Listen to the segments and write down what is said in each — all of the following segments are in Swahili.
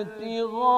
ابتغاء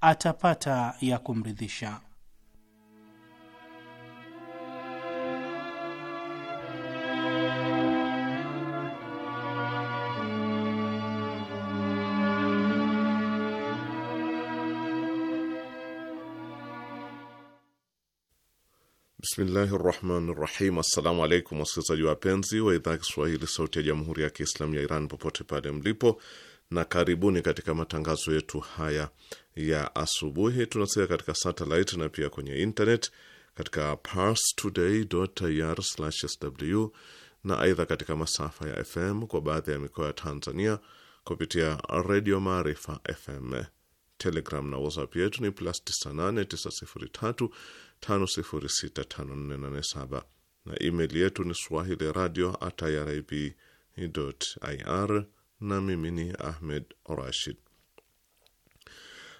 atapata ya kumridhisha. Bismillahi rahmani rahim. Assalamu alaikum wasikilizaji wapenzi wa idhaa Kiswahili sauti ya jamhuri ya Kiislamu ya Iran popote pale mlipo, na karibuni katika matangazo yetu haya ya asubuhi tunasikia katika satellite na pia kwenye internet katika parstoday.ir/sw na aidha katika masafa ya FM kwa baadhi ya mikoa ya Tanzania kupitia Redio Maarifa FM. Telegram na WhatsApp yetu ni plus 989035065487 na email yetu ni swahili radio at irib ir, na mimi ni Ahmed Rashid.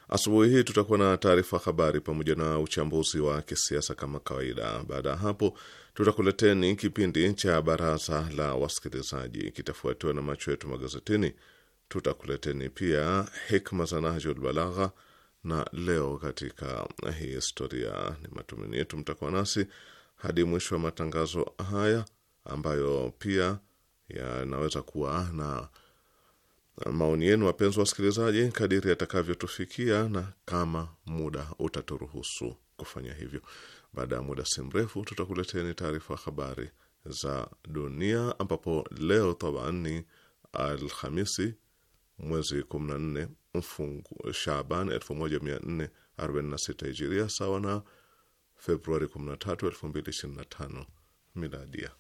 Asubuhi hii tutakuwa na taarifa habari pamoja na uchambuzi wa kisiasa kama kawaida. Baada ya hapo, tutakuleteni kipindi cha baraza la wasikilizaji, kitafuatiwa na macho yetu magazetini. Tutakuleteni pia hikma za Nahjul Balagha na leo katika hii historia. Ni matumaini yetu mtakuwa nasi hadi mwisho wa matangazo haya ambayo pia yanaweza kuwa na maoni yenu, wapenzi wasikilizaji, kadiri yatakavyotufikia na kama muda utaturuhusu kufanya hivyo. Baada ya muda si mrefu, tutakuleteni taarifa habari za dunia, ambapo leo taban ni Alhamisi mwezi 14 mfungu Shaban 1446 Hijiria, sawa na Februari 13, 2025 Miladia.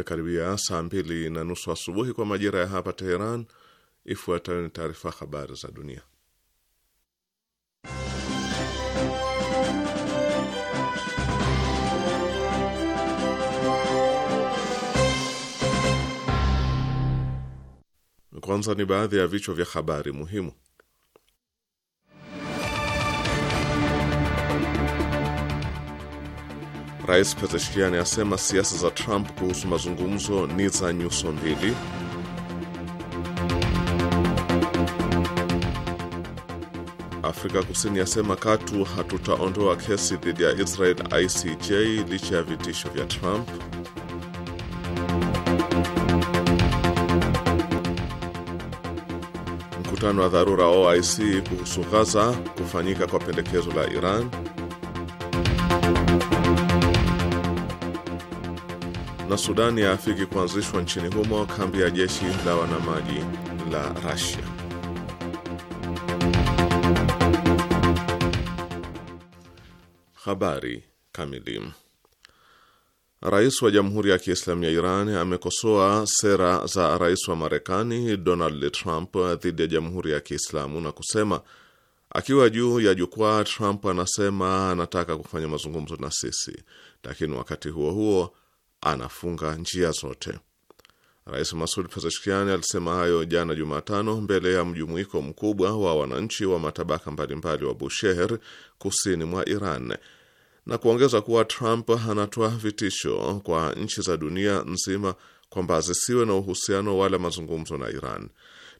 imekaribia saa mbili na nusu asubuhi kwa majira ya hapa Teheran. Ifuatayo ni taarifa habari za dunia. Kwanza ni baadhi ya vichwa vya habari muhimu. Rais Pezeshkian asema siasa za Trump kuhusu mazungumzo ni za nyuso mbili. Afrika Kusini yasema katu hatutaondoa kesi dhidi ya Israel ICJ licha ya vitisho vya Trump. Mkutano wa dharura OIC kuhusu Gaza kufanyika kwa pendekezo la Iran. na Sudani yaafiki kuanzishwa nchini humo kambi ya jeshi la wanamaji la Rasia. Habari kamili. Rais wa Jamhuri ya Kiislamu ya Iran amekosoa sera za rais wa Marekani Donald Trump dhidi ya Jamhuri ya Kiislamu na kusema akiwa juu ya jukwaa, Trump anasema anataka kufanya mazungumzo na sisi, lakini wakati huo huo anafunga njia zote. Rais Masud Pezeshkiani alisema hayo jana Jumatano mbele ya mjumuiko mkubwa wa wananchi wa matabaka mbalimbali wa Bushehr kusini mwa Iran na kuongeza kuwa Trump anatoa vitisho kwa nchi za dunia nzima kwamba zisiwe na uhusiano wala mazungumzo na Iran,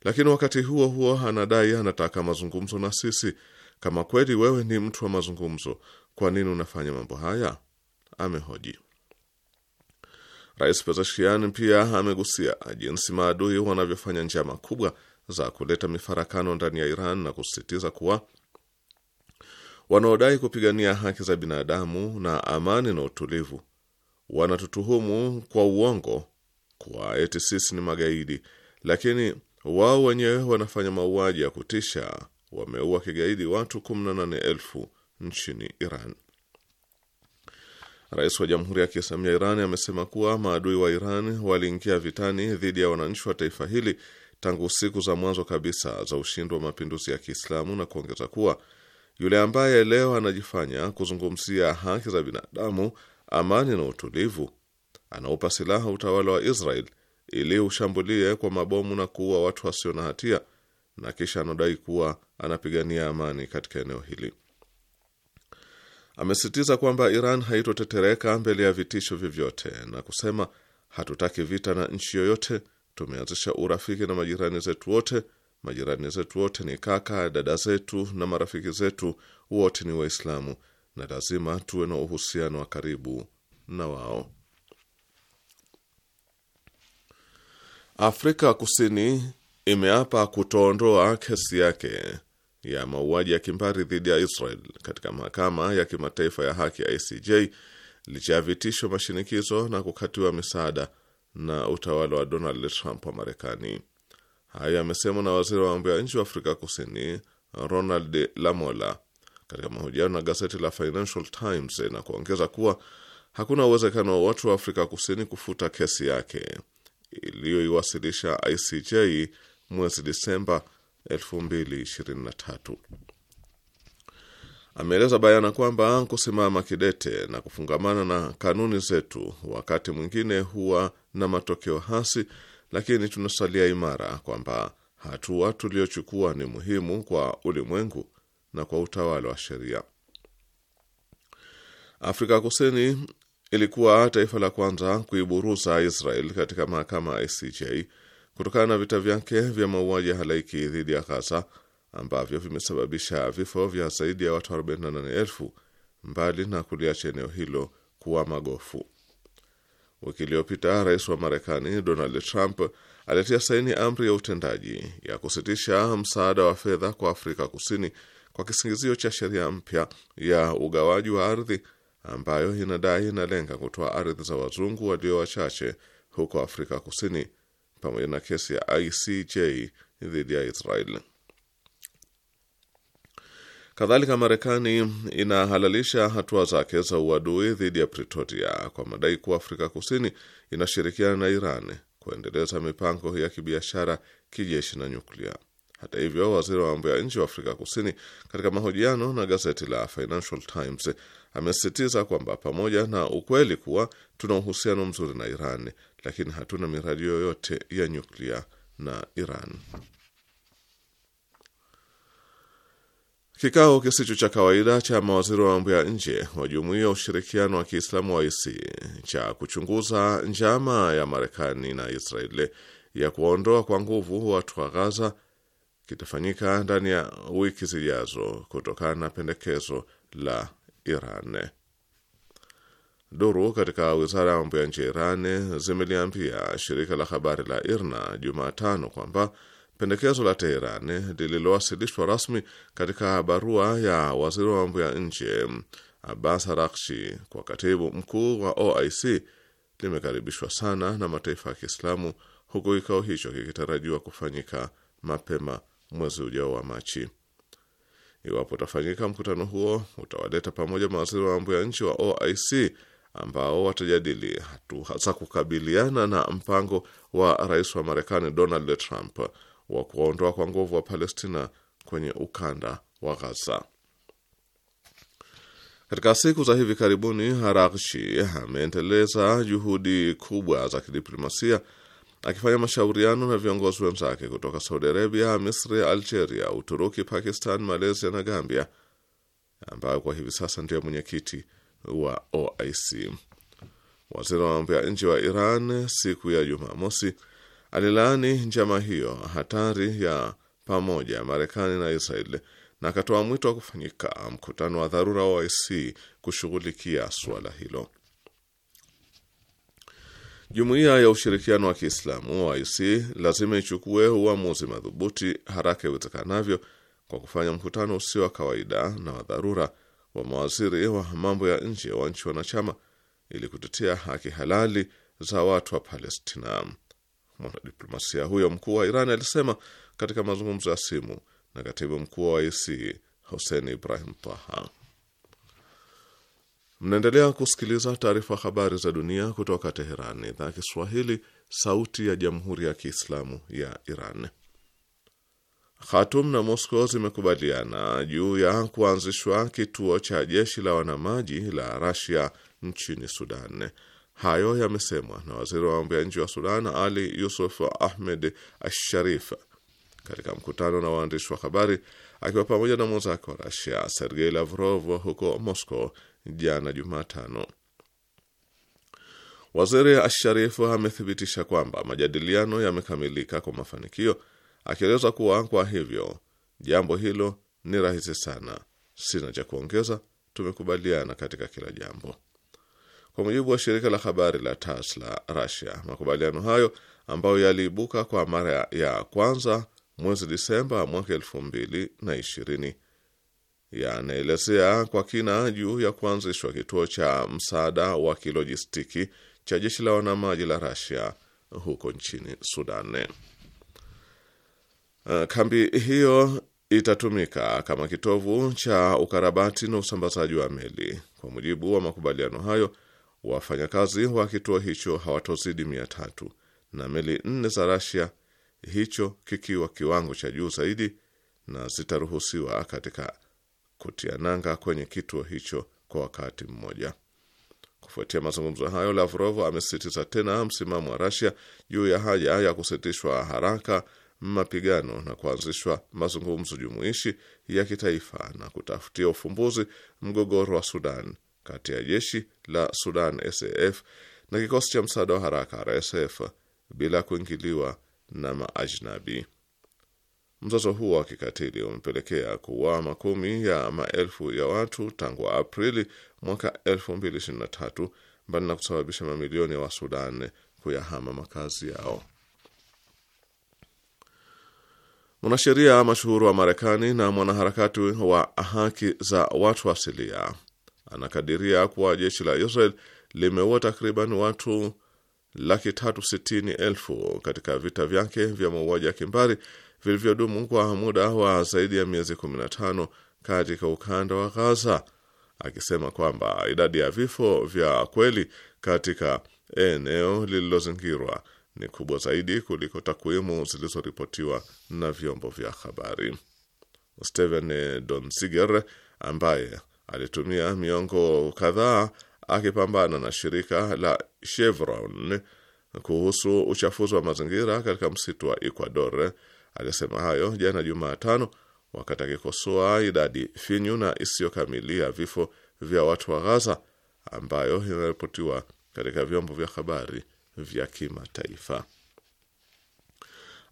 lakini wakati huo huo anadai anataka mazungumzo na sisi. Kama kweli wewe ni mtu wa mazungumzo, kwa nini unafanya mambo haya? Amehoji. Rais Pezeshian pia amegusia jinsi maadui wanavyofanya njama kubwa za kuleta mifarakano ndani ya Iran na kusisitiza kuwa wanaodai kupigania haki za binadamu na amani na utulivu wanatutuhumu kwa uongo kuwa eti sisi ni magaidi, lakini wao wenyewe wanafanya mauaji ya kutisha. Wameua kigaidi watu elfu nchini Iran. Rais wa Jamhuri ya Kiislamu ya Iran amesema kuwa maadui wa Iran waliingia vitani dhidi ya wananchi wa taifa hili tangu siku za mwanzo kabisa za ushindi wa mapinduzi ya Kiislamu na kuongeza kuwa yule ambaye leo anajifanya kuzungumzia haki za binadamu, amani na utulivu, anaupa silaha utawala wa Israel ili ushambulie kwa mabomu na kuua watu wasio na hatia na kisha anadai kuwa anapigania amani katika eneo hili amesisitiza kwamba Iran haitotetereka mbele ya vitisho vyovyote na kusema, hatutaki vita na nchi yoyote. Tumeanzisha urafiki na majirani zetu wote. Majirani zetu wote ni kaka, dada zetu na marafiki zetu, wote ni Waislamu na lazima tuwe na uhusiano wa karibu na wao. Afrika Kusini imeapa kutoondoa kesi yake ya mauaji ya kimbari dhidi ya Israel katika mahakama ya kimataifa ya haki ya ICJ licha ya vitisho, mashinikizo na kukatiwa misaada na utawala wa Donald Trump wa Marekani. Hayo yamesemwa na waziri wa mambo ya nje wa Afrika Kusini Ronald Lamola katika mahojiano na gazeti la Financial Times na kuongeza kuwa hakuna uwezekano watu wa Afrika Kusini kufuta kesi yake iliyoiwasilisha ICJ mwezi Disemba 2023. Ameeleza bayana kwamba kusimama kidete na kufungamana na kanuni zetu wakati mwingine huwa na matokeo hasi, lakini tunasalia imara kwamba hatua tuliyochukua ni muhimu kwa ulimwengu na kwa utawala wa sheria. Afrika Kusini ilikuwa taifa la kwanza kuiburuza Israel katika mahakama ya ICJ kutokana na vita vyake vya mauaji ya halaiki dhidi ya Ghaza ambavyo vimesababisha vifo vya zaidi ya watu 48,000 mbali na kuliacha eneo hilo kuwa magofu. Wiki iliyopita rais wa Marekani Donald Trump alitia saini amri ya utendaji ya kusitisha msaada wa fedha kwa Afrika Kusini kwa kisingizio cha sheria mpya ya ugawaji wa ardhi ambayo inadai inalenga kutoa ardhi za wazungu walio wachache huko Afrika Kusini pamoja na kesi ya ICJ dhidi ya Israel. Kadhalika, Marekani inahalalisha hatua zake za uadui dhidi ya Pretoria kwa madai kuwa Afrika Kusini inashirikiana na Iran kuendeleza mipango ya kibiashara, kijeshi na nyuklia. Hata hivyo, waziri wa mambo ya nje wa Afrika Kusini katika mahojiano na gazeti la Financial Times amesisitiza kwamba pamoja na ukweli kuwa tuna uhusiano mzuri na Iran, lakini hatuna miradi yoyote ya nyuklia na Iran. Kikao kisicho cha kawaida cha mawaziri wa mambo ya nje wa Jumuiya ya Ushirikiano wa Kiislamu wa OIC cha kuchunguza njama ya Marekani na Israeli ya kuwaondoa kwa nguvu watu wa Gaza kitafanyika ndani ya wiki zijazo kutokana na pendekezo la Iran. Duru katika wizara ya mambo ya nje ya Iran zimeliambia shirika la habari la IRNA Jumatano kwamba pendekezo la Teheran lililowasilishwa rasmi katika barua ya waziri wa mambo ya nje Abbas Araghchi kwa katibu mkuu wa OIC limekaribishwa sana na mataifa ya Kiislamu, huku kikao hicho kikitarajiwa kufanyika mapema mwezi ujao wa Machi. Iwapo utafanyika, mkutano huo utawaleta pamoja mawaziri wa mambo ya nchi wa OIC ambao watajadili hatua za kukabiliana na mpango wa rais wa Marekani Donald Trump wa kuwaondoa kwa nguvu wa Palestina kwenye ukanda wa Gaza. Katika siku za hivi karibuni, Harakshi ameendeleza juhudi kubwa za kidiplomasia akifanya mashauriano na viongozi wenzake kutoka Saudi Arabia, Misri, Algeria, Uturuki, Pakistan, Malaysia na Gambia, ambayo kwa hivi sasa ndiyo mwenyekiti wa OIC. Waziri wa mambo ya nje wa Iran siku ya Jumamosi alilaani njama hiyo hatari ya pamoja ya Marekani na Israel na akatoa mwito wa kufanyika mkutano wa dharura wa OIC kushughulikia suala hilo. Jumuiya ya ushirikiano wa Kiislamu OIC lazima ichukue uamuzi madhubuti haraka iwezekanavyo kwa kufanya mkutano usio wa kawaida na wa dharura wa mawaziri wa mambo ya nje wa nchi wanachama ili kutetea haki halali za watu wa Palestina. Mwanadiplomasia huyo mkuu wa Iran alisema katika mazungumzo ya simu na katibu mkuu wa IC Hussein Ibrahim Taha. Mnaendelea kusikiliza taarifa habari za dunia kutoka Teherani, idhaa Kiswahili, sauti ya jamhuri ya kiislamu ya Iran. Khatum na Moscow zimekubaliana juu ya kuanzishwa kituo cha jeshi la wanamaji la Rasia nchini Sudan. Hayo yamesemwa na waziri wa mambo ya nje wa Sudan, Ali Yusuf Ahmed Asharif, katika mkutano na waandishi wa habari akiwa pamoja na mwenzake wa Rasia Sergei Lavrov huko Moscow jana Jumatano. Waziri Asharifu amethibitisha kwamba majadiliano yamekamilika kwa mafanikio akieleza kuwa kwa hivyo jambo hilo ni rahisi sana, sina cha kuongeza, tumekubaliana katika kila jambo. Kwa mujibu wa shirika la habari la TASS la Russia, makubaliano hayo ambayo yaliibuka kwa mara ya kwanza mwezi Disemba mwaka elfu mbili na ishirini yanaelezea kwa kina juu ya kuanzishwa kituo cha msaada wa kilojistiki cha jeshi la wanamaji la Russia huko nchini Sudan. Eh, kambi hiyo itatumika kama kitovu cha ukarabati na usambazaji wa meli. Kwa mujibu wa makubaliano hayo, wafanyakazi wa kituo hicho hawatozidi mia tatu na meli nne za Rasia, hicho kikiwa kiwango cha juu zaidi, na zitaruhusiwa katika kutia nanga kwenye kituo hicho kwa wakati mmoja. Kufuatia mazungumzo hayo, Lavrov amesisitiza tena msimamo wa Rasia juu ya haja ya kusitishwa haraka mapigano na kuanzishwa mazungumzo jumuishi ya kitaifa na kutafutia ufumbuzi mgogoro wa Sudan kati ya jeshi la Sudan SAF na kikosi cha msaada wa haraka RSF bila kuingiliwa na maajnabi. Mzozo huo wa kikatili umepelekea kuwa makumi ya maelfu ya watu tangu Aprili mwaka 2023 mbali na kusababisha mamilioni ya wa kuyahama makazi yao. Mwanasheria mashuhuru wa Marekani na mwanaharakati wa haki za watu asilia anakadiria kuwa jeshi la Israel limeua takriban watu laki tatu sitini elfu katika vita vyake vya mauaji ya kimbari vilivyodumu kwa muda wa zaidi ya miezi 15 katika ukanda wa Gaza, akisema kwamba idadi ya vifo vya kweli katika eneo lililozingirwa ni kubwa zaidi kuliko takwimu zilizoripotiwa na vyombo vya habari. Steven Donziger ambaye alitumia miongo kadhaa akipambana na shirika la Chevron kuhusu uchafuzi wa mazingira katika msitu wa Ecuador alisema hayo jana Jumatano wakati akikosoa idadi finyu na isiyo kamili ya vifo vya watu wa Ghaza ambayo inaripotiwa katika vyombo vya habari vya kimataifa.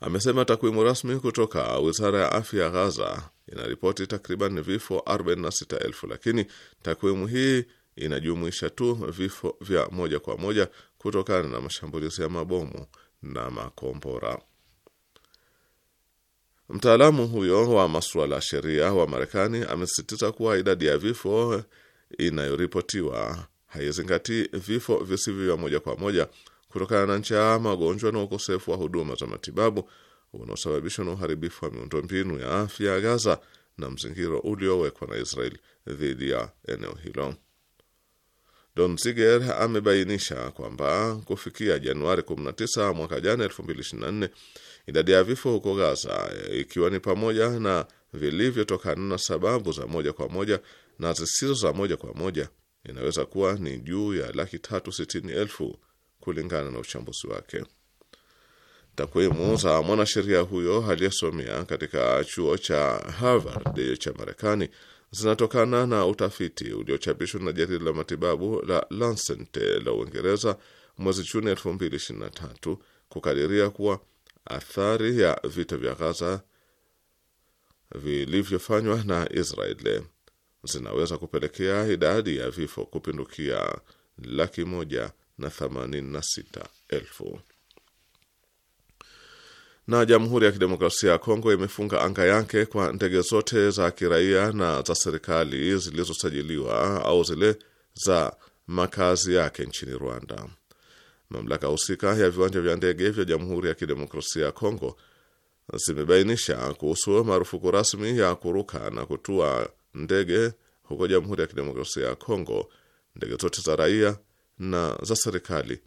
Amesema takwimu rasmi kutoka wizara ya afya ya Ghaza inaripoti takriban vifo 46,000 lakini takwimu hii inajumuisha tu vifo vya moja kwa moja kutokana na mashambulizi ya mabomu na makombora. Mtaalamu huyo wa masuala ya sheria wa Marekani amesisitiza kuwa idadi ya vifo inayoripotiwa haizingatii vifo visivyo vya moja kwa moja kutokana na njaa, magonjwa na ukosefu wa huduma za matibabu unaosababishwa na uharibifu wa miundombinu ya afya ya Gaza na mzingiro uliowekwa na Israel dhidi ya eneo hilo. Donziger amebainisha kwamba kufikia Januari 19 mwaka jana 2024, idadi ya vifo huko Gaza eh, ikiwa ni pamoja na vilivyotokana na sababu za moja kwa moja na zisizo za moja kwa moja inaweza kuwa ni juu ya laki tatu sitini elfu kulingana na uchambuzi wake. Takwimu za mwanasheria huyo aliyesomea katika chuo cha Harvard cha Marekani zinatokana na utafiti uliochapishwa na jarida la matibabu la Lancet la Uingereza mwezi Juni 2023 kukadiria kuwa athari ya vita vya Gaza vilivyofanywa na Israeli zinaweza kupelekea idadi ya vifo kupindukia laki moja na themanini na sita elfu. Na Jamhuri ya Kidemokrasia ya Kongo imefunga anga yake kwa ndege zote za kiraia na za serikali zilizosajiliwa au zile za makazi yake nchini Rwanda. Mamlaka husika ya viwanja vya ndege vya Jamhuri ya Kidemokrasia ya Kongo zimebainisha kuhusu marufuku rasmi ya kuruka na kutua ndege huko Jamhuri ya Kidemokrasia ya Kongo ndege zote za raia na za serikali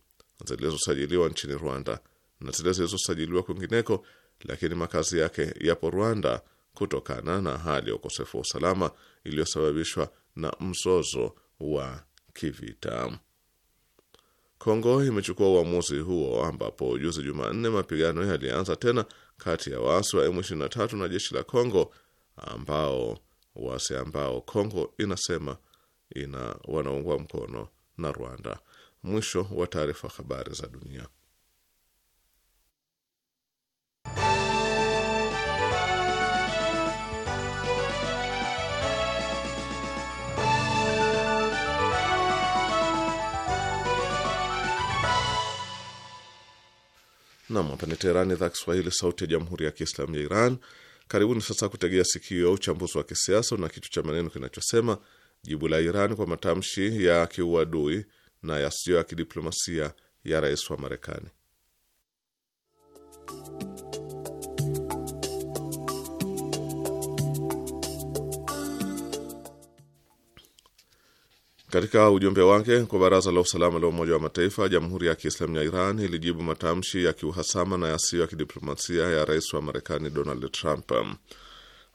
zilizosajiliwa nchini Rwanda na zile zilizosajiliwa kwingineko, lakini makazi yake yapo Rwanda kutokana na hali ya ukosefu wa usalama iliyosababishwa na mzozo wa kivita. Kongo imechukua uamuzi huo ambapo juzi Jumanne mapigano yalianza tena kati ya waasi wa M23 na jeshi la Kongo ambao waasi ambao Kongo inasema ina wanaungwa mkono na Rwanda. Mwisho wa taarifa. Habari za dunia. Nam, hapa ni Teherani, idhaa Kiswahili, sauti ya jamhuri ya kiislamu ya Iran. Karibuni sasa kutegea sikio ya uchambuzi wa kisiasa na kichwa cha maneno kinachosema jibu la Iran kwa matamshi ya kiuadui na yasiyo ya kidiplomasia ya rais wa Marekani. Katika ujumbe wake kwa Baraza la Usalama la Umoja wa Mataifa, Jamhuri ya Kiislamu ya Iran ilijibu matamshi ya kiuhasama na yasiyo ya kidiplomasia ya rais wa Marekani Donald Trump.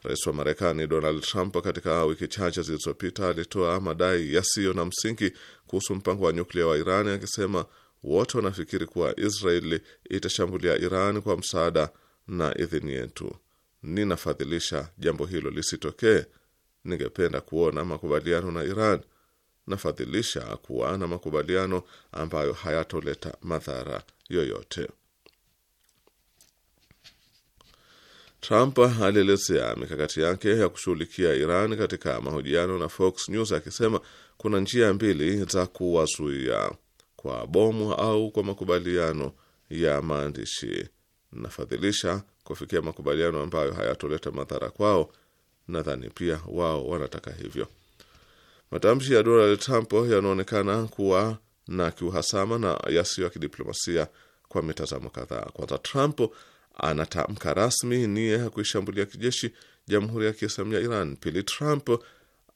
Rais wa Marekani Donald Trump katika wiki chache zilizopita alitoa madai yasiyo na msingi kuhusu mpango wa nyuklia wa Iran akisema wote wanafikiri kuwa Israeli itashambulia Iran kwa msaada na idhini yetu. Ninafadhilisha jambo hilo lisitokee. Ningependa kuona makubaliano na Iran. Nafadhilisha kuwa na makubaliano ambayo hayatoleta madhara yoyote. Trump alielezea mikakati yake ya kushughulikia Iran katika mahojiano na Fox News akisema kuna njia mbili za kuwazuia, kwa bomu au kwa makubaliano ya maandishi. Nafadhilisha kufikia makubaliano ambayo hayatoleta madhara kwao, nadhani pia wao wanataka hivyo. Matamshi ya Donald Trump yanaonekana kuwa na kiuhasama na yasiyo ya kidiplomasia kwa mitazamo kadhaa. Kwanza, Trump anatamka rasmi nia ya kuishambulia kijeshi jamhuri ya Kiislamu ya Iran. Pili, Trump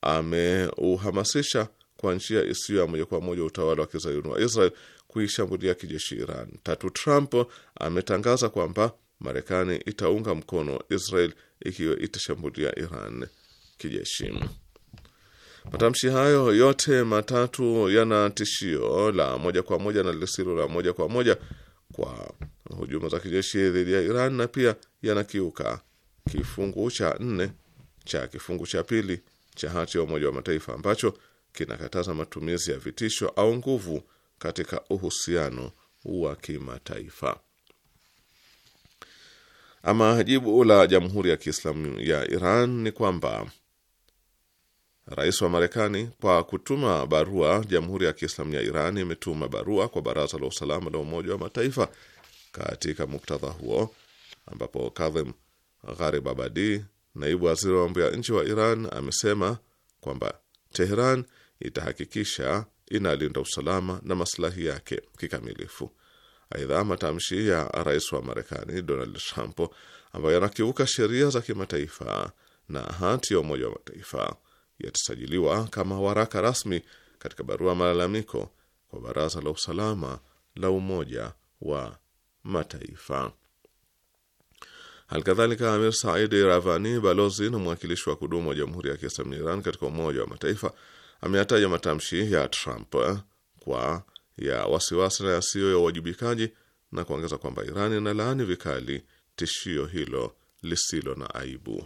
ameuhamasisha kwa njia isiyo ya moja kwa moja utawala wa kizayuni wa Israel kuishambulia kijeshi Iran. Tatu, Trump ametangaza kwamba Marekani itaunga mkono Israel ikiwa itashambulia Iran kijeshi. Matamshi hayo yote matatu yana tishio la moja kwa moja na lisilo la moja kwa moja kwa hujuma za kijeshi dhidi ya Iran na pia yanakiuka kifungu cha nne cha kifungu cha pili cha hati ya Umoja wa Mataifa ambacho kinakataza matumizi ya vitisho au nguvu katika uhusiano wa kimataifa. Ama jibu la Jamhuri ya Kiislamu ya Iran ni kwamba Rais wa Marekani kwa kutuma barua, Jamhuri ya Kiislamu ya Iran imetuma barua kwa Baraza la Usalama la Umoja wa Mataifa katika muktadha huo, ambapo Gharib Abadi, naibu waziri wa mambo ya nchi wa Iran, amesema kwamba Teheran itahakikisha inalinda usalama na maslahi yake kikamilifu. Aidha, matamshi ya rais wa Marekani Donald Trump ambayo yanakiuka sheria za kimataifa na hati ya Umoja wa Mataifa yatasajiliwa kama waraka rasmi katika barua malalamiko kwa Baraza la Usalama la Umoja wa Mataifa. Halikadhalika, Amir Said Ravani, balozi na mwakilishi wa kudumu wa Jamhuri ya Kiislamu Iran katika Umoja wa Mataifa, ameyataja matamshi ya Trump kwa ya wasiwasi na yasiyo ya uwajibikaji na kuongeza kwamba Iran inalaani vikali tishio hilo lisilo na aibu.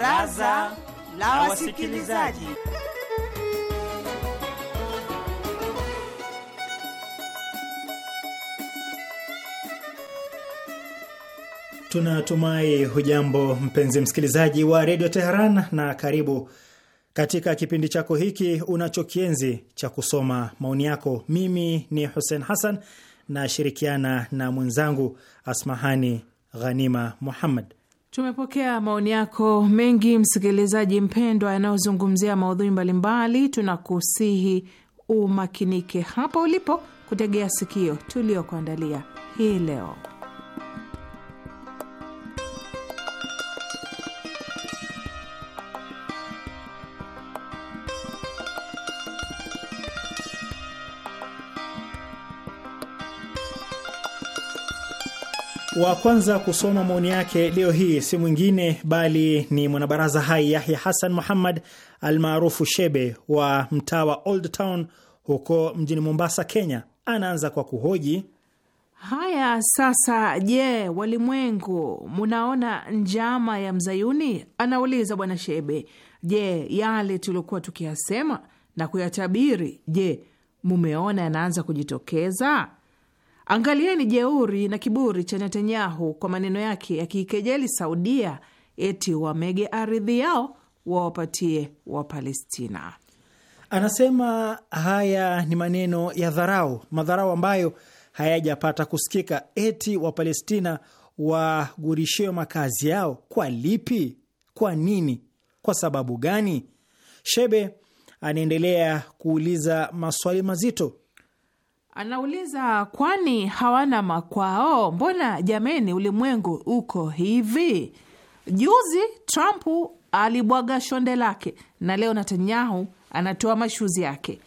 Baraza la Wasikilizaji. Tunatumai hujambo mpenzi msikilizaji wa redio Teheran, na karibu katika kipindi chako hiki unachokienzi cha kusoma maoni yako. Mimi ni Hussein Hassan, nashirikiana na mwenzangu Asmahani Ghanima Muhammad. Tumepokea maoni yako mengi msikilizaji mpendwa, yanayozungumzia maudhui mbalimbali. Tunakusihi umakinike hapo ulipo kutegea sikio tuliokuandalia hii leo. Wa kwanza kusoma maoni yake leo hii si mwingine bali ni mwanabaraza hai Yahya Hassan Muhammad almaarufu Shebe wa mtaa wa Old Town huko mjini Mombasa, Kenya. Anaanza kwa kuhoji haya sasa. Je, walimwengu munaona njama ya mzayuni? Anauliza bwana Shebe. Je, yale tuliokuwa tukiyasema na kuyatabiri, je, mumeona yanaanza kujitokeza? Angalieni jeuri na kiburi cha Netanyahu kwa maneno yake yakiikejeli Saudia eti wamege ardhi yao wawapatie Wapalestina. Anasema haya ni maneno ya dharau, madharau ambayo hayajapata kusikika, eti Wapalestina wagurishiwe makazi yao. Kwa lipi? Kwa nini? Kwa sababu gani? Shebe anaendelea kuuliza maswali mazito Anauliza, kwani hawana makwao? Mbona jameni, ulimwengu uko hivi? Juzi Trump alibwaga shonde lake na leo Netanyahu anatoa mashuzi yake.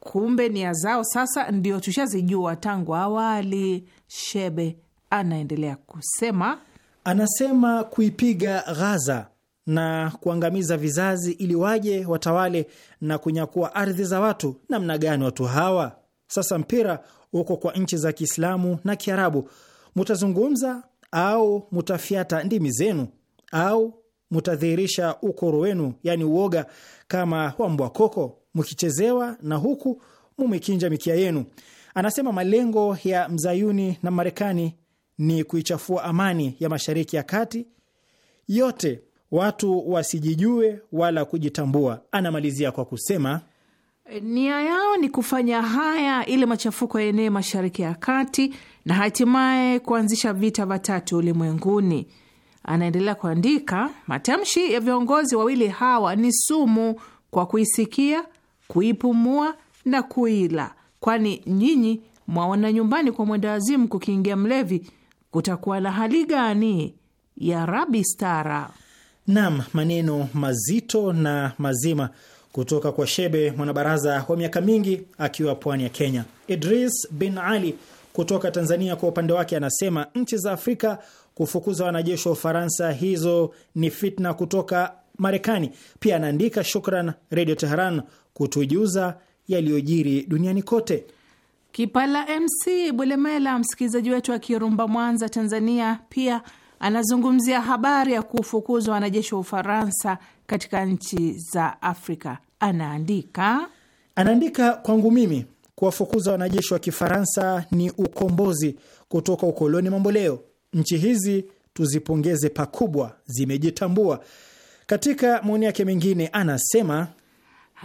Kumbe nia zao sasa ndio tushazijua tangu awali. Shebe anaendelea kusema, anasema kuipiga Ghaza na kuangamiza vizazi ili waje watawale na kunyakua ardhi za watu. Namna gani watu hawa sasa mpira uko kwa nchi za Kiislamu na Kiarabu. Mutazungumza au mutafyata ndimi zenu au mutadhihirisha ukoro wenu, yani uoga, kama wambwa koko mukichezewa na huku mumekinja mikia yenu. Anasema malengo ya mzayuni na Marekani ni kuichafua amani ya Mashariki ya Kati yote, watu wasijijue wala kujitambua. Anamalizia kwa kusema Nia yao ni kufanya haya ili machafuko yaenee Mashariki ya Kati na hatimaye kuanzisha vita vya tatu ulimwenguni. Anaendelea kuandika, matamshi ya viongozi wawili hawa ni sumu kwa kuisikia, kuipumua na kuila, kwani nyinyi mwaona nyumbani kwa mwendawazimu kukiingia mlevi kutakuwa na hali gani? Ya Rabi stara. Naam, maneno mazito na mazima kutoka kwa Shebe, mwanabaraza wa miaka mingi akiwa pwani ya Kenya. Idris bin Ali kutoka Tanzania kwa upande wake anasema nchi za Afrika kufukuza wanajeshi wa Ufaransa, hizo ni fitna kutoka Marekani. Pia anaandika shukran Redio Teheran kutujuza yaliyojiri duniani kote. Kipala MC Bulemela, msikilizaji wetu wa Kirumba, Mwanza, Tanzania, pia anazungumzia habari ya kufukuzwa wanajeshi wa Ufaransa katika nchi za Afrika anaandika anaandika, kwangu mimi kuwafukuza wanajeshi wa Kifaransa ni ukombozi kutoka ukoloni mamboleo. Nchi hizi tuzipongeze pakubwa, zimejitambua. Katika maoni yake mengine anasema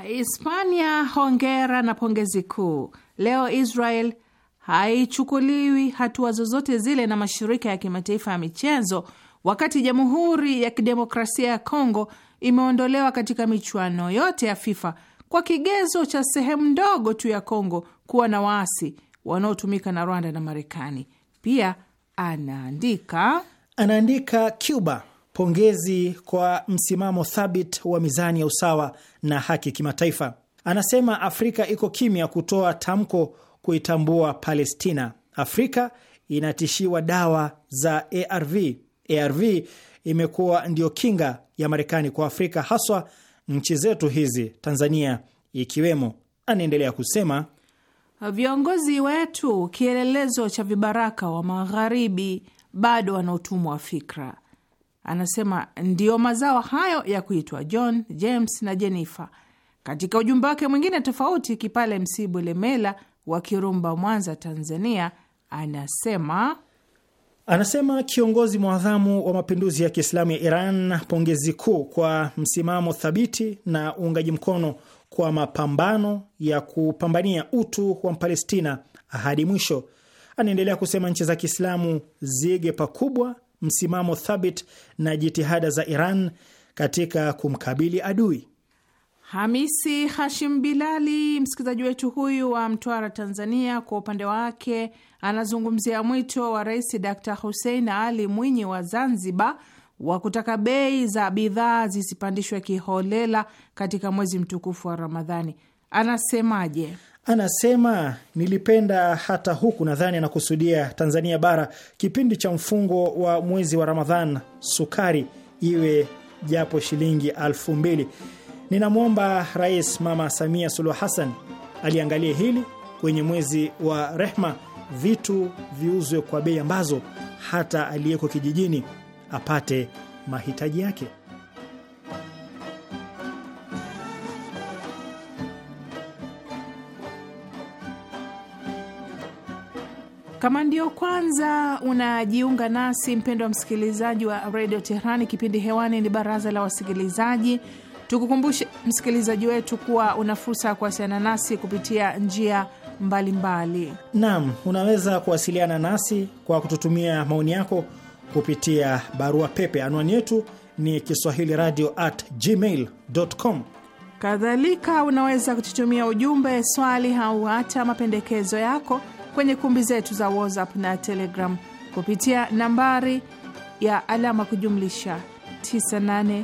Hispania, hongera na pongezi kuu. Leo Israel haichukuliwi hatua zozote zile na mashirika ya kimataifa ya michezo, wakati Jamhuri ya Kidemokrasia ya Kongo imeondolewa katika michuano yote ya FIFA kwa kigezo cha sehemu ndogo tu ya Kongo kuwa na waasi wanaotumika na Rwanda na Marekani. Pia anaandika anaandika Cuba, pongezi kwa msimamo thabit wa mizani ya usawa na haki kimataifa. Anasema Afrika iko kimya kutoa tamko kuitambua Palestina. Afrika inatishiwa dawa za ARV. ARV imekuwa ndiyo kinga ya Marekani kwa Afrika, haswa nchi zetu hizi Tanzania ikiwemo. Anaendelea kusema viongozi wetu kielelezo cha vibaraka wa Magharibi, bado wana utumwa wa fikra. Anasema ndiyo mazao hayo ya kuitwa John, James na Jennifer. Katika ujumbe wake mwingine tofauti, Kipale Msibu Lemela wa Kirumba, Mwanza, Tanzania, anasema Anasema kiongozi mwadhamu wa mapinduzi ya Kiislamu ya Iran, pongezi kuu kwa msimamo thabiti na uungaji mkono kwa mapambano ya kupambania utu wa Mpalestina hadi mwisho. Anaendelea kusema nchi za Kiislamu zige pakubwa msimamo thabiti na jitihada za Iran katika kumkabili adui. Hamisi Hashim Bilali, msikilizaji wetu huyu wa Mtwara, Tanzania, kwa upande wake anazungumzia mwito wa Rais Dr Hussein Ali Mwinyi wa Zanzibar wa kutaka bei za bidhaa zisipandishwe kiholela katika mwezi mtukufu wa Ramadhani. Anasemaje? Anasema nilipenda hata huku, nadhani anakusudia Tanzania bara, kipindi cha mfungo wa mwezi wa Ramadhan, sukari iwe japo shilingi elfu mbili Ninamwomba Rais Mama Samia Suluhu Hassan aliangalie hili kwenye mwezi wa rehma, vitu viuzwe kwa bei ambazo hata aliyeko kijijini apate mahitaji yake. Kama ndio kwanza unajiunga nasi, mpendwa msikilizaji wa redio Teherani, kipindi hewani ni baraza la wasikilizaji Tukukumbushe msikilizaji wetu kuwa una fursa ya kuwasiliana nasi kupitia njia mbalimbali. Naam, unaweza kuwasiliana nasi kwa kututumia maoni yako kupitia barua pepe. Anwani yetu ni kiswahili radio at gmail com. Kadhalika unaweza kututumia ujumbe, swali au hata mapendekezo yako kwenye kumbi zetu za WhatsApp na Telegram kupitia nambari ya alama kujumlisha 98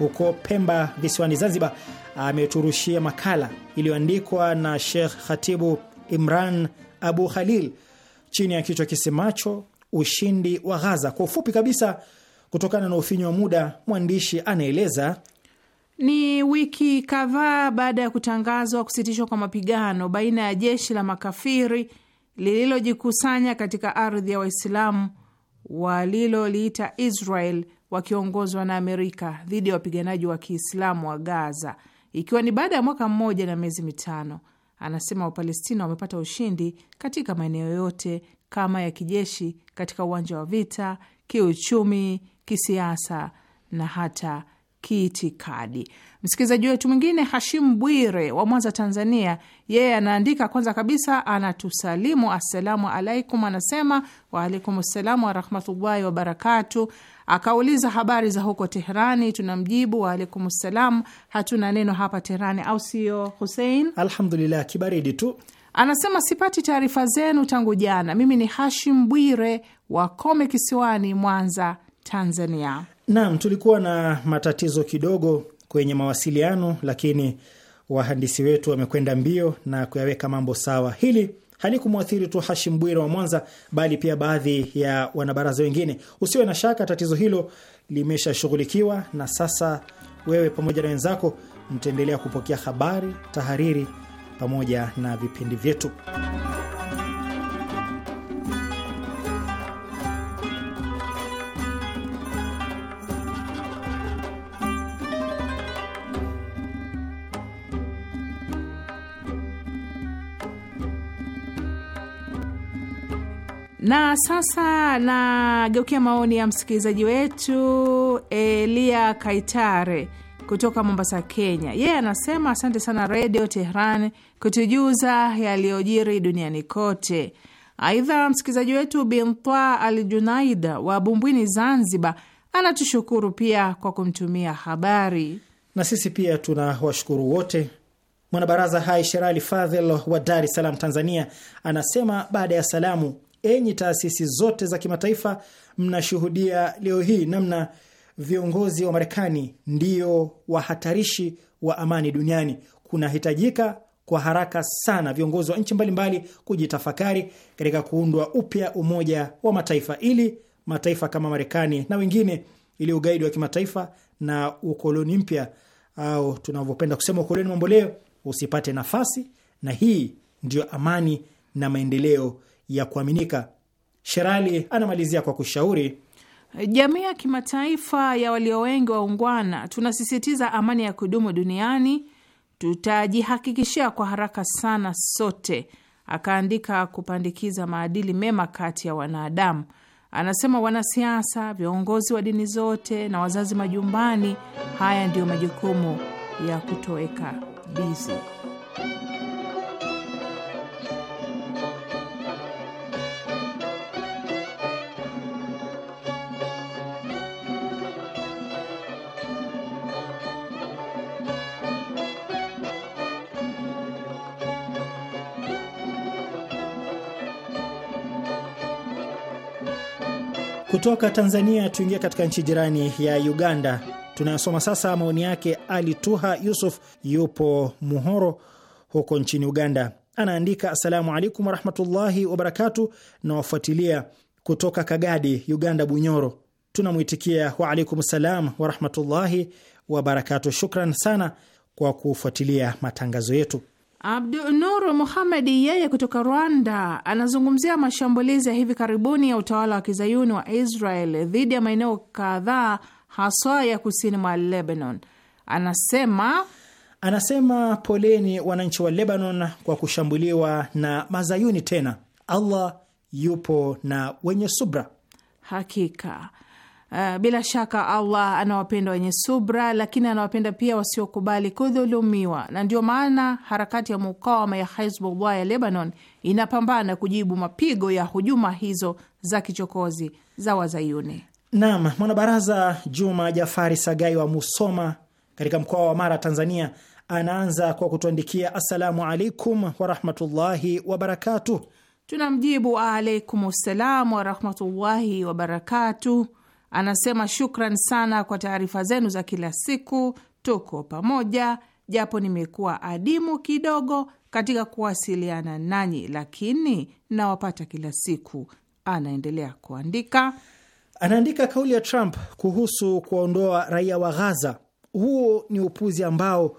huko Pemba visiwani Zanzibar, ameturushia makala iliyoandikwa na Sheikh Khatibu Imran Abu Khalil chini ya kichwa kisemacho ushindi wa Ghaza. Kwa ufupi kabisa, kutokana na ufinyo wa muda, mwandishi anaeleza ni wiki kadhaa baada ya kutangazwa kusitishwa kwa mapigano baina ya jeshi la makafiri lililojikusanya katika ardhi ya Waislamu waliloliita Israel wakiongozwa na Amerika dhidi ya wapiganaji wa Kiislamu wa Gaza, ikiwa ni baada ya mwaka mmoja na miezi mitano. Anasema Wapalestina wamepata ushindi katika maeneo yote, kama ya kijeshi, katika uwanja wa vita, kiuchumi, kisiasa na hata kiitikadi. Msikilizaji wetu mwingine Hashim Bwire wa Mwanza, Tanzania, yeye anaandika, kwanza kabisa anatusalimu assalamu alaikum, anasema waalaikum ssalamu warahmatullahi wabarakatu. Akauliza habari za huko Teherani, tunamjibu waalaikum ssalam, hatuna neno hapa Teherani, au sio Husein? Alhamdulillah, kibaridi tu. Anasema sipati taarifa zenu tangu jana. Mimi ni Hashim Bwire wa Kome Kisiwani, Mwanza, Tanzania. Naam, tulikuwa na matatizo kidogo kwenye mawasiliano, lakini wahandisi wetu wamekwenda mbio na kuyaweka mambo sawa. Hili halikumwathiri tu Hashim Bwira wa Mwanza, bali pia baadhi ya wanabaraza wengine. Usiwe na shaka, tatizo hilo limeshashughulikiwa na sasa wewe pamoja na wenzako mtaendelea kupokea habari, tahariri pamoja na vipindi vyetu. Na sasa nageukia maoni ya msikilizaji wetu Elia Kaitare kutoka Mombasa, Kenya. Yeye yeah, anasema asante sana Redio Tehran kutujuza yaliyojiri duniani kote. Aidha, msikilizaji wetu Bintwa Al Junaida wa Bumbwini, Zanzibar, anatushukuru pia kwa kumtumia habari. Na sisi pia tuna washukuru wote. Mwanabaraza hai Sherali Fadhel wa Dar es Salaam, Tanzania, anasema baada ya salamu enyi taasisi zote za kimataifa, mnashuhudia leo hii namna viongozi wa Marekani ndio wahatarishi wa amani duniani. Kunahitajika kwa haraka sana viongozi wa nchi mbalimbali kujitafakari katika kuundwa upya Umoja wa Mataifa ili mataifa kama Marekani na wengine, ili ugaidi wa kimataifa na ukoloni mpya au tunavyopenda kusema ukoloni mamboleo usipate nafasi, na hii ndio amani na maendeleo ya kuaminika. Sherali anamalizia kwa kushauri jamii ya kimataifa ya walio wengi waungwana, tunasisitiza amani ya kudumu duniani tutajihakikishia kwa haraka sana sote. Akaandika kupandikiza maadili mema kati ya wanadamu. Anasema wanasiasa, viongozi wa dini zote na wazazi majumbani, haya ndiyo majukumu ya kutoweka bizi. Kutoka Tanzania tuingia katika nchi jirani ya Uganda. tunayosoma sasa maoni yake. Ali Tuha Yusuf yupo Muhoro huko nchini Uganda, anaandika assalamu alaikum warahmatullahi wabarakatu, na wafuatilia kutoka Kagadi, Uganda, Bunyoro. Tunamwitikia waalaikum salam warahmatullahi wabarakatu. Shukran sana kwa kufuatilia matangazo yetu nur Muhamedi yeye kutoka Rwanda anazungumzia mashambulizi ya hivi karibuni ya utawala wa kizayuni wa Israel dhidi ya maeneo kadhaa haswa ya kusini mwa Lebanon. Anasema anasema poleni wananchi wa Lebanon kwa kushambuliwa na mazayuni tena. Allah yupo na wenye subra. Hakika Uh, bila shaka Allah anawapenda wenye subra, lakini anawapenda pia wasiokubali kudhulumiwa, na ndio maana harakati ya mukawama ya Hizbullah ya Lebanon inapambana kujibu mapigo ya hujuma hizo za kichokozi za Wazayuni. Naam, mwanabaraza Juma Jafari Sagai wa Musoma katika mkoa wa Mara, Tanzania, anaanza kwa kutuandikia assalamu alaikum warahmatullahi wabarakatuh. Tunamjibu waalaikum salam warahmatullahi wabarakatuh Anasema shukran sana kwa taarifa zenu za kila siku, tuko pamoja, japo nimekuwa adimu kidogo katika kuwasiliana nanyi, lakini nawapata kila siku. Anaendelea kuandika, anaandika kauli ya Trump kuhusu kuwaondoa raia wa Ghaza, huo ni upuzi ambao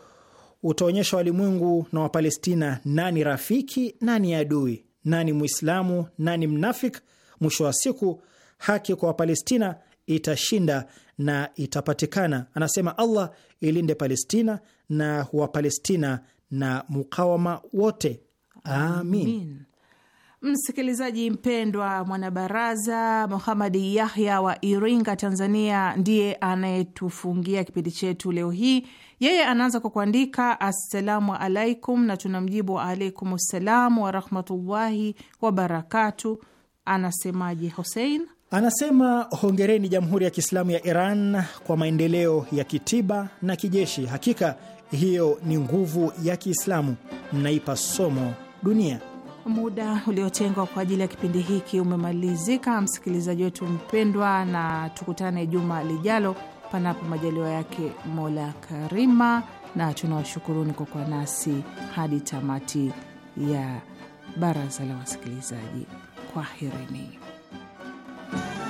utaonyesha walimwengu na Wapalestina nani rafiki, nani adui, nani Mwislamu, nani mnafik. Mwisho wa siku, haki kwa Wapalestina itashinda na itapatikana. Anasema Allah ilinde Palestina na Wapalestina na mukawama wote, amin, amin. Msikilizaji mpendwa, mwanabaraza Muhamadi Yahya wa Iringa, Tanzania, ndiye anayetufungia kipindi chetu leo hii. Yeye anaanza kwa kuandika assalamu alaikum, na tuna mjibu waalaikum ssalam warahmatullahi wabarakatu. Anasemaje Husein? Anasema hongereni Jamhuri ya Kiislamu ya Iran kwa maendeleo ya kitiba na kijeshi. Hakika hiyo ni nguvu ya Kiislamu, mnaipa somo dunia. Muda uliotengwa kwa ajili ya kipindi hiki umemalizika, msikilizaji wetu mpendwa, na tukutane juma lijalo, panapo majaliwa yake Mola Karima, na tunawashukuruni kwa kuwa nasi hadi tamati ya baraza la wasikilizaji. Kwaherini. Bye.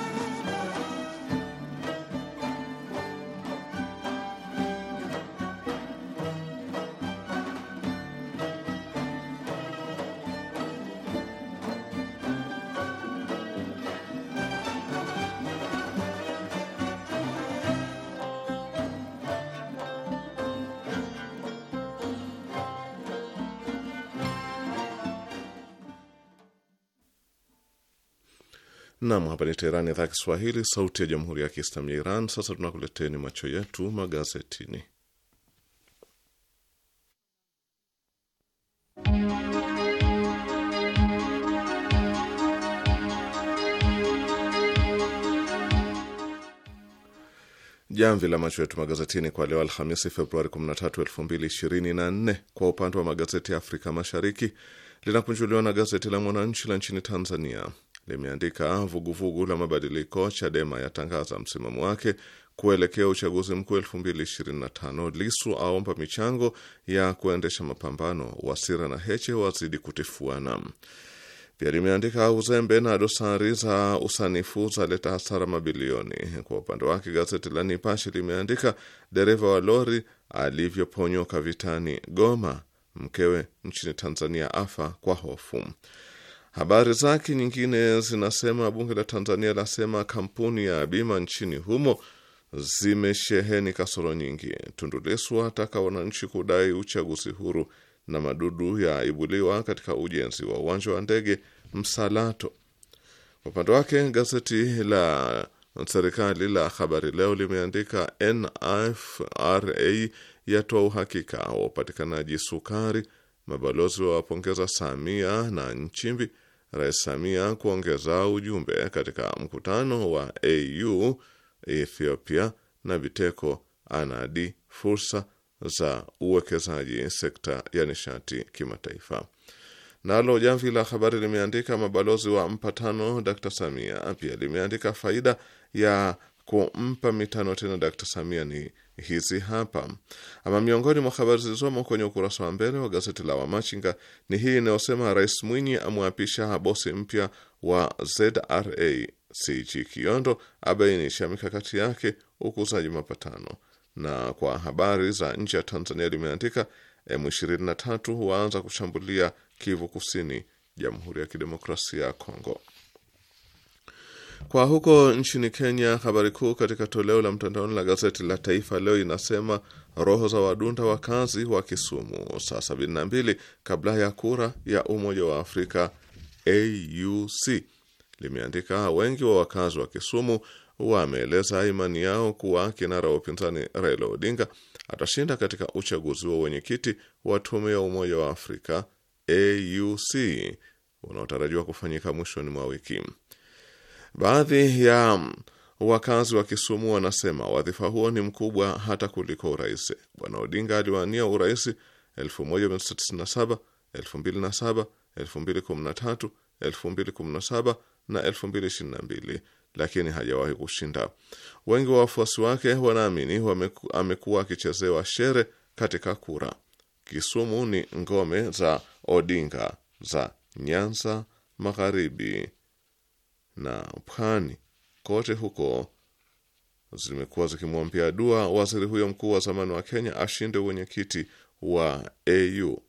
Naam, hapa ni Teherani, idhaa Kiswahili, sauti ya jamhuri ya kiislamu ya Iran. Sasa tunakuleteni macho yetu magazetini. Jamvi la macho yetu magazetini kwa leo Alhamisi, Februari 13, 2024 kwa upande wa magazeti ya Afrika Mashariki linakunjuliwa na gazeti la Mwananchi la nchini Tanzania limeandika vuguvugu la mabadiliko Chadema yatangaza msimamo wake kuelekea uchaguzi mkuu tano. Lisu aomba michango ya kuendesha mapambano. Wasira na Heche wazidi kutifuana. Pia limeandika uzembe na dosari za usanifu zaleta hasara mabilioni. Kwa upande wake gazeti la Nipashe limeandika dereva wa lori alivyoponyoka vitani Goma, mkewe nchini Tanzania afa kwa hofu. Habari zake nyingine zinasema bunge la Tanzania lasema kampuni ya bima nchini humo zimesheheni kasoro nyingi. Tundulisu ataka wananchi kudai uchaguzi huru, na madudu yaibuliwa katika ujenzi wa uwanja wa ndege Msalato. Kwa upande wake gazeti la serikali la Habari Leo limeandika NFRA yatoa uhakika wa upatikanaji sukari, mabalozi wawapongeza Samia na Nchimbi, Rais Samia kuongeza ujumbe katika mkutano wa AU Ethiopia na Biteko anadi fursa za uwekezaji sekta ya nishati kimataifa. Nalo jamvi la habari limeandika mabalozi wa mpatano Dr. Samia. Pia limeandika faida ya kumpa mitano tena Dr. Samia ni hizi hapa. Ama miongoni mwa habari zilizomo kwenye ukurasa wa mbele wa gazeti la Wamachinga ni hii inayosema Rais Mwinyi amwapisha bosi mpya wa ZRA CG Kiondo, abainisha mikakati yake ukuzaji mapatano. Na kwa habari za nje ya Tanzania limeandika M23 waanza kushambulia Kivu Kusini, Jamhuri ya Kidemokrasia ya Kongo. Kwa huko nchini Kenya, habari kuu katika toleo la mtandaoni la gazeti la Taifa Leo inasema roho za wadunda wakazi wa Kisumu saa 72 kabla ya kura ya Umoja wa Afrika AUC. Limeandika wengi wa wakazi wa Kisumu wameeleza imani yao kuwa kinara wa upinzani Raila Odinga atashinda katika uchaguzi wa wenyekiti wa tume ya Umoja wa Afrika AUC unaotarajiwa kufanyika mwishoni mwa wiki. Baadhi ya wakazi wa Kisumu wanasema wadhifa huo ni mkubwa hata kuliko urais. Bwana Odinga aliwania urais 1997, 2007, 2013, 2017 na 2022 lakini hajawahi kushinda. Wengi wa wafuasi wake wanaamini amekuwa akichezewa shere katika kura. Kisumu ni ngome za Odinga za Nyanza Magharibi na pwani kote huko zimekuwa zikimwambia dua waziri huyo mkuu wa zamani wa Kenya ashinde wenyekiti wa AU.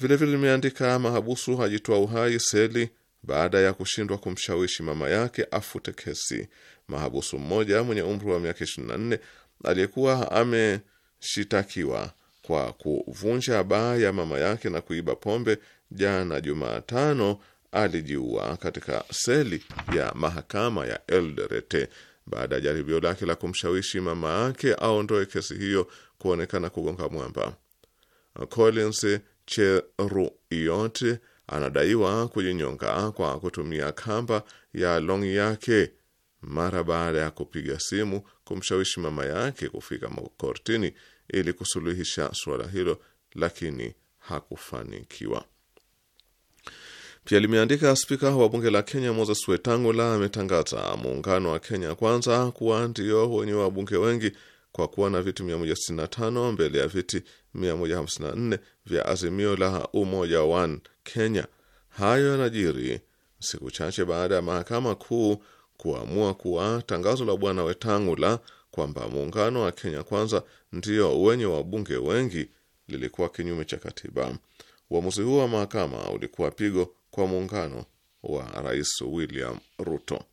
Vilevile limeandika mahabusu hajitoa uhai seli baada ya kushindwa kumshawishi mama yake afute kesi. Mahabusu mmoja mwenye umri wa miaka 24 aliyekuwa ameshitakiwa kwa kuvunja baa ya mama yake na kuiba pombe, jana Jumatano alijiua katika seli ya mahakama ya Eldoret baada ya jaribio lake la kumshawishi mama yake aondoe kesi hiyo kuonekana kugonga mwamba. Collins Cheruiyot anadaiwa kujinyonga kwa kutumia kamba ya longi yake mara baada ya kupiga simu kumshawishi mama yake kufika kortini ili kusuluhisha suala hilo, lakini hakufanikiwa. Pia limeandika spika wa bunge la Kenya Moses Wetangula ametangaza muungano wa Kenya Kwanza kuwa ndio wenye wabunge wengi kwa kuwa na viti 165 mbele ya viti 154 vya Azimio la Umoja One Kenya. Hayo yanajiri siku chache baada ya mahakama kuu kuamua kuwa tangazo la bwana Wetangula kwamba muungano wa Kenya Kwanza ndio wenye wabunge wengi lilikuwa kinyume cha katiba. Uamuzi huo wa mahakama ulikuwa pigo kwa muungano wa Rais William Ruto.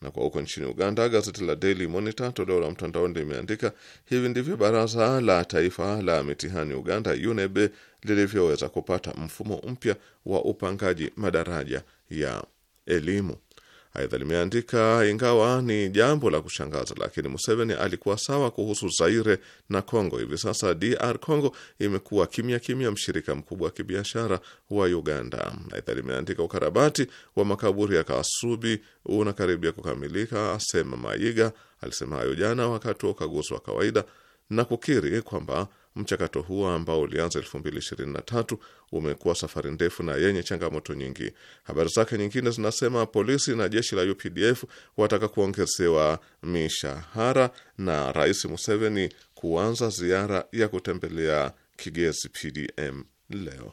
Na kwa huko nchini Uganda, gazeti la Daily Monitor toleo la mtandaoni limeandika hivi ndivyo Baraza la Taifa la Mitihani Uganda UNEB lilivyoweza kupata mfumo mpya wa upangaji madaraja ya elimu. Aidha limeandika ingawa ni jambo la kushangaza, lakini Museveni alikuwa sawa kuhusu Zaire na Congo. Hivi sasa DR Congo imekuwa kimya kimya mshirika mkubwa wa kibiashara wa Uganda. Aidha limeandika ukarabati wa makaburi ya Kasubi unakaribia kukamilika, asema maiga Alisema hayo jana wakati wa ukaguzi wa kawaida na kukiri kwamba Mchakato huo ambao ulianza 2023 umekuwa safari ndefu na yenye changamoto nyingi. Habari zake nyingine zinasema polisi na jeshi la UPDF wataka kuongezewa mishahara na Rais Museveni kuanza ziara ya kutembelea Kigezi PDM leo.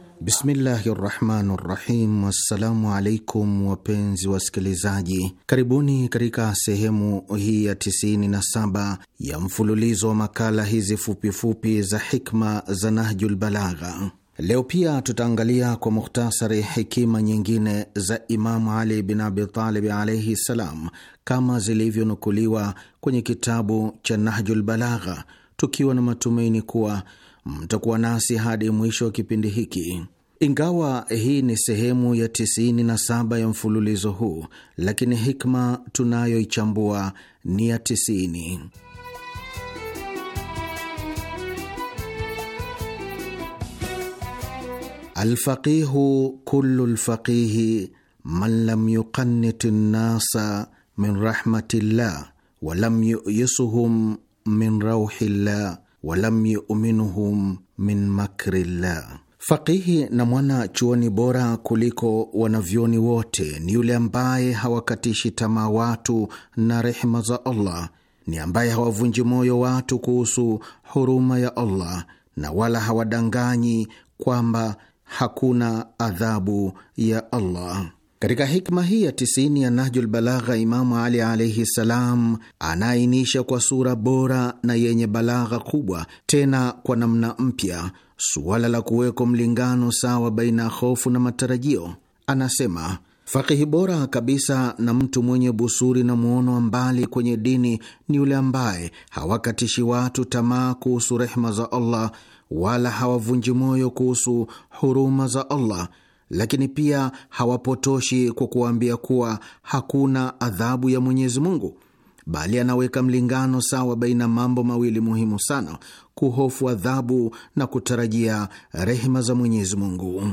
Bismillahi rahmani rahim. Wassalamu alaikum wapenzi wasikilizaji, karibuni katika sehemu hii ya 97 ya mfululizo wa makala hizi fupifupi za hikma za Nahjul Balagha. Leo pia tutaangalia kwa mukhtasari hekima nyingine za Imamu Ali bin Abitalib alaihi ssalam kama zilivyonukuliwa kwenye kitabu cha Nahjul Balagha, tukiwa na matumaini kuwa mtakuwa nasi hadi mwisho wa kipindi hiki. Ingawa hii ni sehemu ya 97 ya mfululizo huu, lakini hikma tunayoichambua ni ya 90. Alfaqihu kullu lfaqihi man lam yuqannit nnasa min rahmatillah wa lam yuyisuhum min rauhi llah walam yuminuhum min makrillah. Fakihi na mwana chuoni bora kuliko wanavyoni wote ni yule ambaye hawakatishi tamaa watu na rehema za Allah, ni ambaye hawavunji moyo watu kuhusu huruma ya Allah na wala hawadanganyi kwamba hakuna adhabu ya Allah. Katika hikma hii ya tisini ya Nahjul Balagha, Imamu Ali alaihi ssalam anaainisha kwa sura bora na yenye balagha kubwa, tena kwa namna mpya, suala la kuweko mlingano sawa baina ya hofu na matarajio. Anasema fakihi bora kabisa na mtu mwenye busuri na mwono wa mbali kwenye dini ni yule ambaye hawakatishi watu tamaa kuhusu rehma za Allah, wala hawavunji moyo kuhusu huruma za Allah lakini pia hawapotoshi kwa kuwaambia kuwa hakuna adhabu ya Mwenyezi Mungu, bali anaweka mlingano sawa baina mambo mawili muhimu sana: kuhofu adhabu na kutarajia rehema za Mwenyezi Mungu.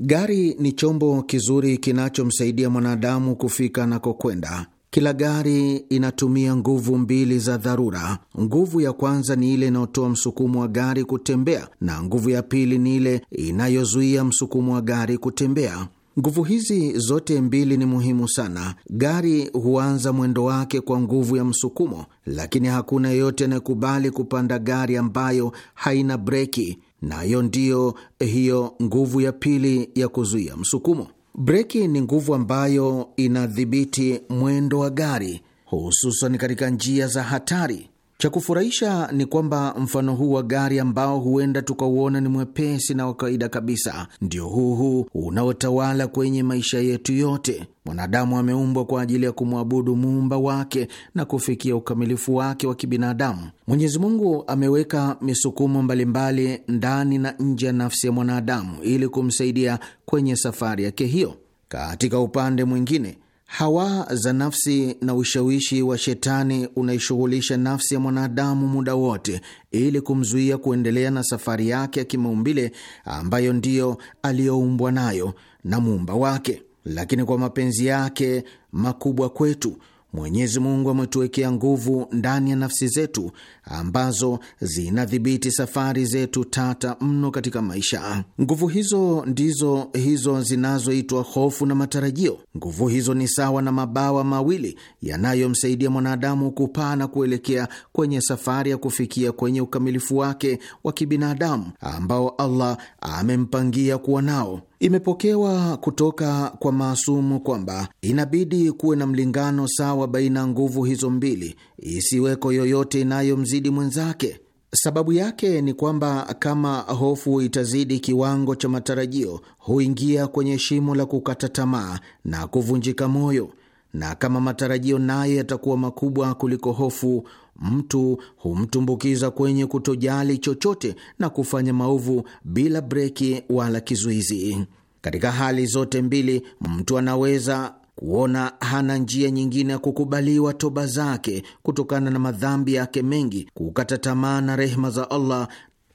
Gari ni chombo kizuri kinachomsaidia mwanadamu kufika anakokwenda kila gari inatumia nguvu mbili za dharura. Nguvu ya kwanza ni ile inayotoa msukumo wa gari kutembea, na nguvu ya pili ni ile inayozuia msukumo wa gari kutembea. Nguvu hizi zote mbili ni muhimu sana. Gari huanza mwendo wake kwa nguvu ya msukumo, lakini hakuna yeyote anayekubali kupanda gari ambayo haina breki, nayo ndiyo hiyo nguvu ya pili ya kuzuia msukumo. Breki ni nguvu ambayo inadhibiti mwendo wa gari, hususan katika njia za hatari. Cha kufurahisha ni kwamba mfano huu wa gari ambao huenda tukauona ni mwepesi na wa kawaida kabisa, ndio huu huu unaotawala kwenye maisha yetu yote. Mwanadamu ameumbwa kwa ajili ya kumwabudu muumba wake na kufikia ukamilifu wake wa kibinadamu. Mwenyezi Mungu ameweka misukumo mbalimbali ndani na nje ya nafsi ya mwanadamu ili kumsaidia kwenye safari yake hiyo. Katika upande mwingine Hawa za nafsi na ushawishi wa shetani unaishughulisha nafsi ya mwanadamu muda wote ili kumzuia kuendelea na safari yake ya kimaumbile ambayo ndiyo aliyoumbwa nayo na muumba wake. Lakini kwa mapenzi yake makubwa kwetu Mwenyezi Mungu ametuwekea nguvu ndani ya nafsi zetu ambazo zinadhibiti safari zetu tata mno katika maisha. Nguvu hizo ndizo hizo zinazoitwa hofu na matarajio. Nguvu hizo ni sawa na mabawa mawili yanayomsaidia mwanadamu kupaa na kuelekea kwenye safari ya kufikia kwenye ukamilifu wake wa kibinadamu ambao Allah amempangia kuwa nao. Imepokewa kutoka kwa Maasumu kwamba inabidi kuwe na mlingano sawa baina ya nguvu hizo mbili, isiweko yoyote inayomzidi mwenzake. Sababu yake ni kwamba kama hofu itazidi kiwango cha matarajio, huingia kwenye shimo la kukata tamaa na kuvunjika moyo, na kama matarajio naye yatakuwa makubwa kuliko hofu, mtu humtumbukiza kwenye kutojali chochote na kufanya maovu bila breki wala kizuizi. Katika hali zote mbili, mtu anaweza kuona hana njia nyingine ya kukubaliwa toba zake kutokana na madhambi yake mengi, kukata tamaa na rehema za Allah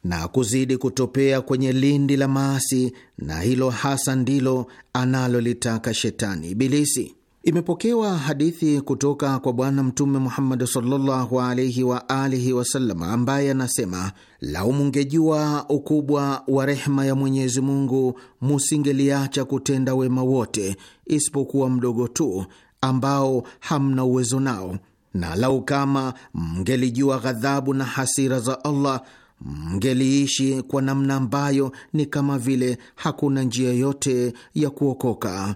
na kuzidi kutopea kwenye lindi la maasi, na hilo hasa ndilo analolitaka shetani Ibilisi. Imepokewa hadithi kutoka kwa Bwana Mtume Muhammad sallallahu alaihi wa alihi wasallam, ambaye anasema, lau mungejua ukubwa wa rehma ya Mwenyezi Mungu musingeliacha kutenda wema wote isipokuwa mdogo tu ambao hamna uwezo nao, na lau kama mngelijua ghadhabu na hasira za Allah mngeliishi kwa namna ambayo ni kama vile hakuna njia yote ya kuokoka.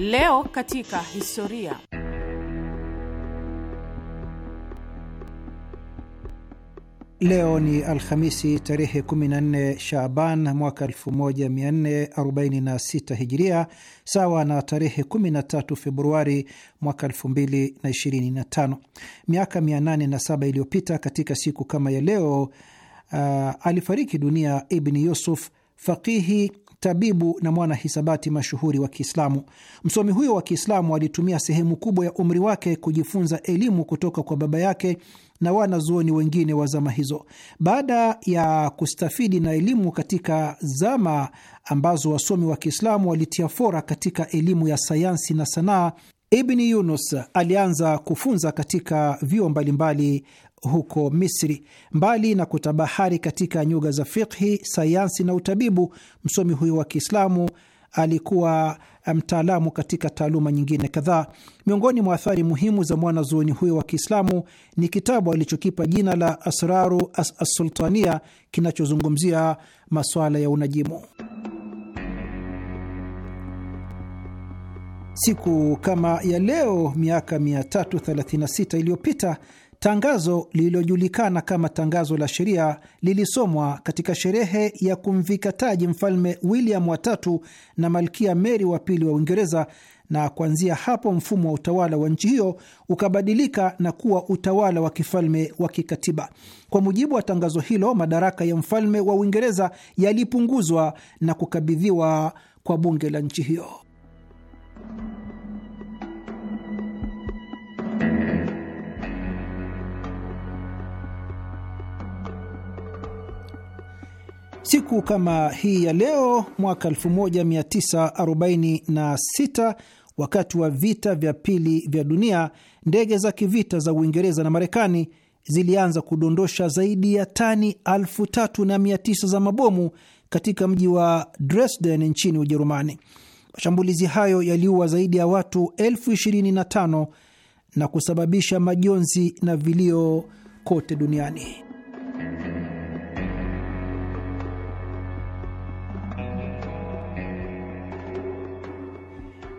Leo katika historia. Leo ni Alhamisi tarehe 14 Shaban mwaka 1446 Hijiria, sawa na tarehe 13 Februari mwaka 2025. Miaka 807 iliyopita katika siku kama ya leo, uh, alifariki dunia Ibni Yusuf, faqihi tabibu na mwana hisabati mashuhuri wa Kiislamu. Msomi huyo wa Kiislamu alitumia sehemu kubwa ya umri wake kujifunza elimu kutoka kwa baba yake na wanazuoni wengine wa zama hizo. Baada ya kustafidi na elimu katika zama ambazo wasomi wa Kiislamu walitia fora katika elimu ya sayansi na sanaa, Ibni Yunus alianza kufunza katika vyuo mbalimbali huko Misri. Mbali na kutabahari katika nyuga za fiqhi sayansi na utabibu, msomi huyo wa Kiislamu alikuwa mtaalamu katika taaluma nyingine kadhaa. Miongoni mwa athari muhimu za mwanazuoni huyo wa Kiislamu ni kitabu alichokipa jina la Asraru Assultania kinachozungumzia masuala ya unajimu. Siku kama ya leo miaka 336 iliyopita Tangazo lililojulikana kama tangazo la sheria lilisomwa katika sherehe ya kumvika taji mfalme William watatu na malkia Mary wa pili wa Uingereza, na kuanzia hapo mfumo wa utawala wa nchi hiyo ukabadilika na kuwa utawala wa kifalme wa kikatiba. Kwa mujibu wa tangazo hilo, madaraka ya mfalme wa Uingereza yalipunguzwa na kukabidhiwa kwa bunge la nchi hiyo. Siku kama hii ya leo mwaka 1946 wakati wa vita vya pili vya dunia, ndege za kivita za Uingereza na Marekani zilianza kudondosha zaidi ya tani 3900 za mabomu katika mji wa Dresden nchini Ujerumani. Mashambulizi hayo yaliua zaidi ya watu 25 na kusababisha majonzi na vilio kote duniani.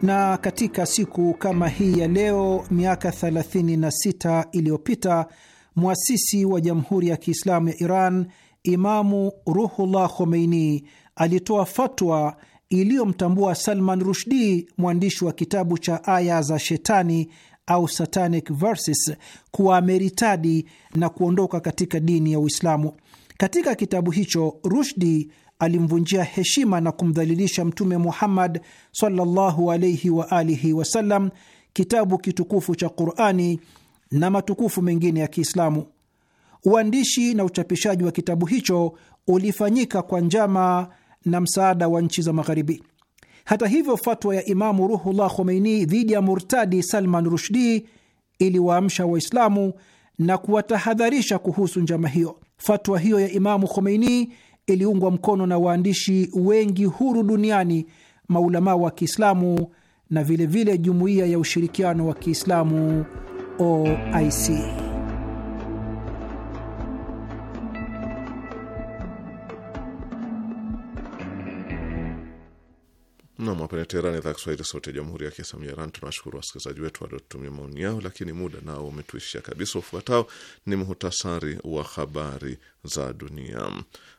Na katika siku kama hii ya leo miaka 36 iliyopita mwasisi wa Jamhuri ya Kiislamu ya Iran Imamu Ruhullah Khomeini alitoa fatwa iliyomtambua Salman rushdi mwandishi wa kitabu cha Aya za Shetani au Satanic Verses, kuwa ameritadi na kuondoka katika dini ya Uislamu. Katika kitabu hicho rushdi alimvunjia heshima na kumdhalilisha Mtume Muhammad sallallahu alaihi wa alihi wasallam, kitabu kitukufu cha Qurani na matukufu mengine ya Kiislamu. Uandishi na uchapishaji wa kitabu hicho ulifanyika kwa njama na msaada wa nchi za Magharibi. Hata hivyo, fatwa ya Imamu Ruhullah Khomeini dhidi ya murtadi Salman Rushdi iliwaamsha Waislamu na kuwatahadharisha kuhusu njama hiyo. Fatwa hiyo ya Imamu Khomeini iliungwa mkono na waandishi wengi huru duniani, maulamaa wa Kiislamu na vilevile vile jumuiya ya ushirikiano wa Kiislamu OIC. kwenye Teherani, idhaa Kiswahili, sauti ya jamhuri ya kiislamu ya Iran. Tunawashukuru wasikilizaji wetu waliotumia maoni yao, lakini muda nao umetuishia kabisa. Ufuatao ni muhtasari wa habari za dunia.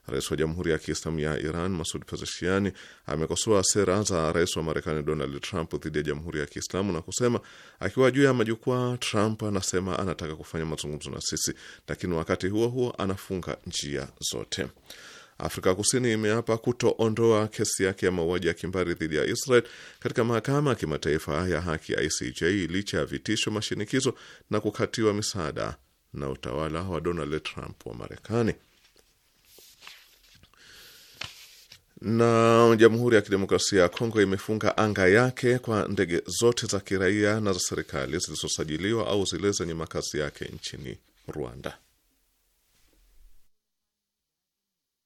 Rais wa Jamhuri ya Kiislamu ya Iran Masud Pezeshiani amekosoa sera za rais wa Marekani Donald Trump dhidi ya Jamhuri ya Kiislamu na kusema, akiwa juu ya majukwaa, Trump anasema anataka kufanya mazungumzo na sisi, lakini wakati huo huo anafunga njia zote. Afrika Kusini imeapa kutoondoa kesi yake ya mauaji ya kimbari dhidi ya Israel katika mahakama ya kimataifa ya haki ya ICJ licha ya vitisho, mashinikizo na kukatiwa misaada na utawala wa Donald Trump wa Marekani. Na Jamhuri ya Kidemokrasia ya Kongo imefunga anga yake kwa ndege zote za kiraia na za serikali zilizosajiliwa au zile zenye makazi yake nchini Rwanda.